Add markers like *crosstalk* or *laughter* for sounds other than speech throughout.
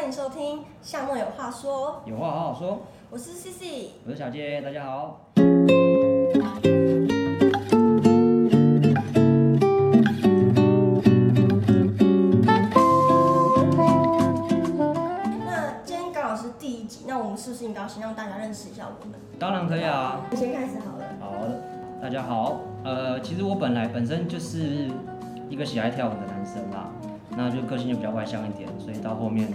歡迎收聽《巷弄有話說》，有話好好說。我是 Cici，我是小杰，大家好。好，那今天剛好是第一集，那我們是不是應該先讓大家認識一下我們？當然可以啊，我先開始好了。好，大家好。呃，其實我本來本身就是一個喜愛跳舞的男生啦。那就個性就比較外向一點，所以到後面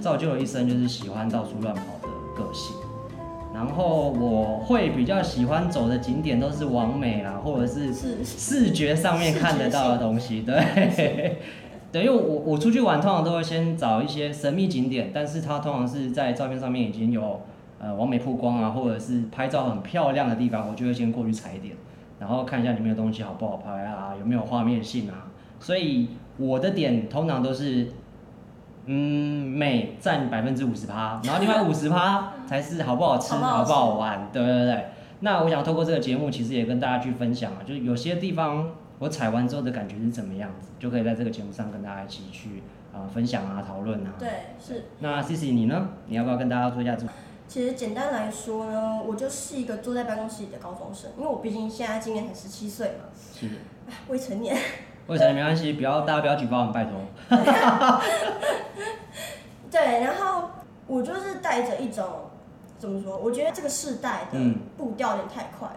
造就了一生就是喜歡到處亂跑的個性。然後我會比較喜歡走的景點都是網美啦、啊，或者是視覺上面看得到的東西。對，對，因為我我出去玩通常都會先找一些神秘景點，但是它通常是在照片上面已經有呃完美曝光啊，或者是拍照很漂亮的地方，我就會先過去踩點，然後看一下裡面的東西好不好拍啊，有沒有畫面性啊。所以我的點通常都是，嗯，美占百分之五十趴，然後另外五十趴才是好不好吃， *laughs* 好，不好，吃好不好玩，對，對對對。那我想透過這個節目，其實也跟大家去分享、啊，就是有些地方我踩完之後的感覺是怎麼樣子，就可以在這個節目上跟大家一起去啊、呃、分享啊討論啊。對，是。那 Sissy 你呢？你要不要跟大家做一下這？其實簡單來說呢，我就是一個坐在辦公室裡的高中生，因為我畢竟現在今年才十七歲嘛，十七，是未成年。我講的沒關係，不要大家不要舉報我，拜託。對, *laughs* 對，然後我就是帶着一種怎麼說？我覺得這個世代的步調有點太快了。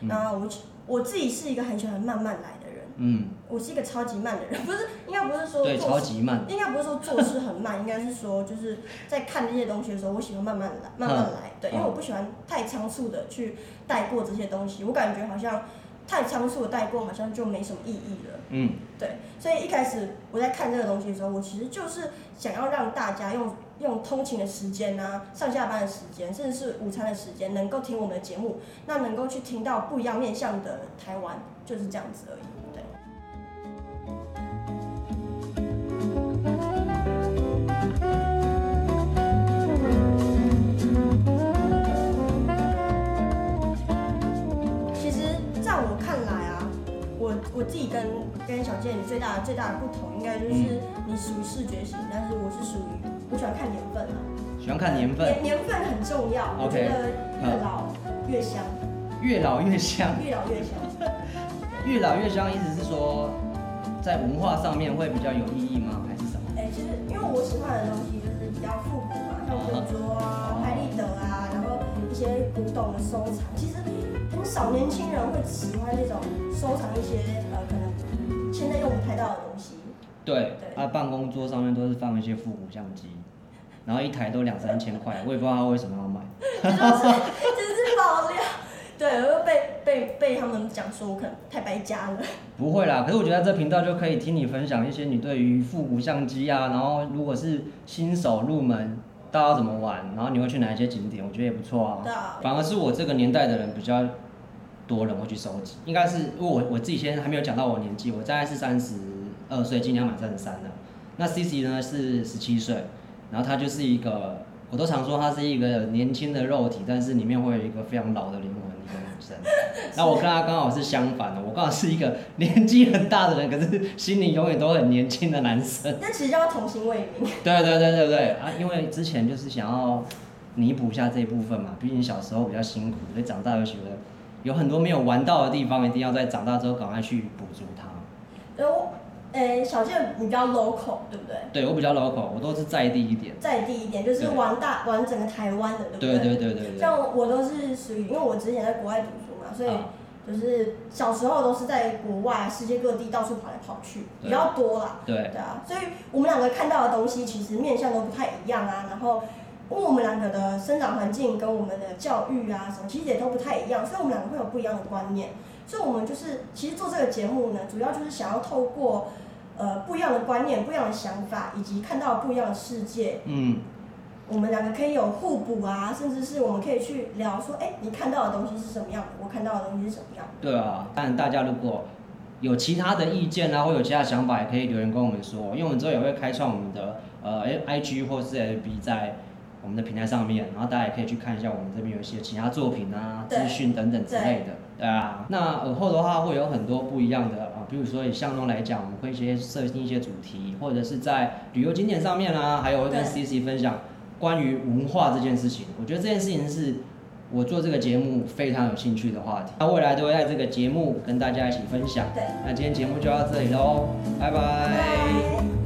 嗯、然後我我自己是一個很喜歡慢慢來的人。嗯，我是一個超級慢的人，不是應該不是說做事對超級慢，應該不是說做事很慢， *laughs* 應該是說就是在看這些東西的時候，我喜歡慢慢來，慢慢來。對，嗯、因為我不喜歡太倉促的去帶過這些東西，我感覺好像。太倉促的帶過好像就沒什麼意義了。嗯，對，所以一開始我在看這個東西的時候，我其實就是想要讓大家用用通勤的時間啊、上下班的時間，甚至是午餐的時間，能夠聽我們的節目，那能夠去聽到不一樣面向的台灣，就是這樣子而已，對。你最大的最大的不同應該就是你屬於視覺型，嗯、但是我是屬於我喜歡看年份啊，喜歡看年份，年年份很重要，Okay 我覺得越老越香，越老越香， *laughs* 越老越香。越老越香意思是說在文化上面會比較有意義嗎？還是什麼？哎、欸，其、就、實、是、因為我喜歡的東西就是比較復古嘛，像古如啊，啊拍立得啊，然後一些古董的收藏，其實很少年輕人會喜歡那種收藏一些呃可能。現在用不太到的東西，對，他對、啊、辦公桌上面都是放一些復古相機，然後一台都兩三千塊， *laughs* 我也不知道他為什麼要買。這就是、這就是爆料。 *laughs* 對，我又被被被他們講說我可能太敗家了。不會啦，可是我覺得這頻道就可以聽你分享一些你對於復古相機啊，然後如果是新手入門，大家怎麼玩，然後你會去哪一些景點，我覺得也不錯啊。對啊，反而是我這個年代的人比較。多人會去收集，應該是因為我我自己先還沒有講到我年紀，我大概是三十二歲，今年滿三十三了。那 Cici 呢是十七歲，然後他就是一個，我都常說他是一個年輕的肉體，但是裡面會有一個非常老的靈魂，一個女生。的然後我跟他剛好是相反的，我剛好是一個年紀很大的人，可是心裡永遠都很年輕的男生。但其實叫童心未泯。對對對對對啊，因為之前就是想要彌補一下這一部分嘛，畢竟小時候比較辛苦，所以長大就覺得。有很多沒有玩到的地方，一定要在長大之後趕快去補足它。我，欸、小健，你比較 local，對不對？對，我比較 local，我都是在地一點。在地一點，就是玩大對玩整個台灣的，對不對？對對，對對對對。像我，我都是屬於，因為我之前在國外讀書嘛，所以就是小時候都是在國外世界各地到處跑來跑去，對比較多啦。對。對啊，所以我們兩個看到的東西其實面向都不太一樣啊，然後。因為我們兩個的生長環境跟我們的教育啊什麼，其實也都不太一樣，所以我們兩個會有不一樣的觀念。所以我們就是其實做這個節目呢，主要就是想要透過呃不一樣的觀念、不一樣的想法，以及看到不一樣的世界。嗯。我們兩個可以有互補啊，甚至是我們可以去聊說，哎、欸，你看到的東西是什麼樣的？我看到的東西是什麼樣的？對啊，當然大家如果有其他的意見啊，或有其他想法，也可以留言跟我們說，因為我們之後也會開創我們的呃 IG 或是 FB 在。我們的平台上面，然後大家也可以去看一下我們這邊有一些其他作品啊、對資訊等等之類的，對，對啊，那爾後的話會有很多不一樣的啊、呃，比如說以巷弄來講，我們會先設定一些主題，或者是在旅遊景點上面啊，還有我會跟 CC 分享關於文化這件事情。對我覺得這件事情是我做這個節目非常有興趣的話題，那未來都會在這個節目跟大家一起分享。對那今天節目就到這裡嘍，拜拜。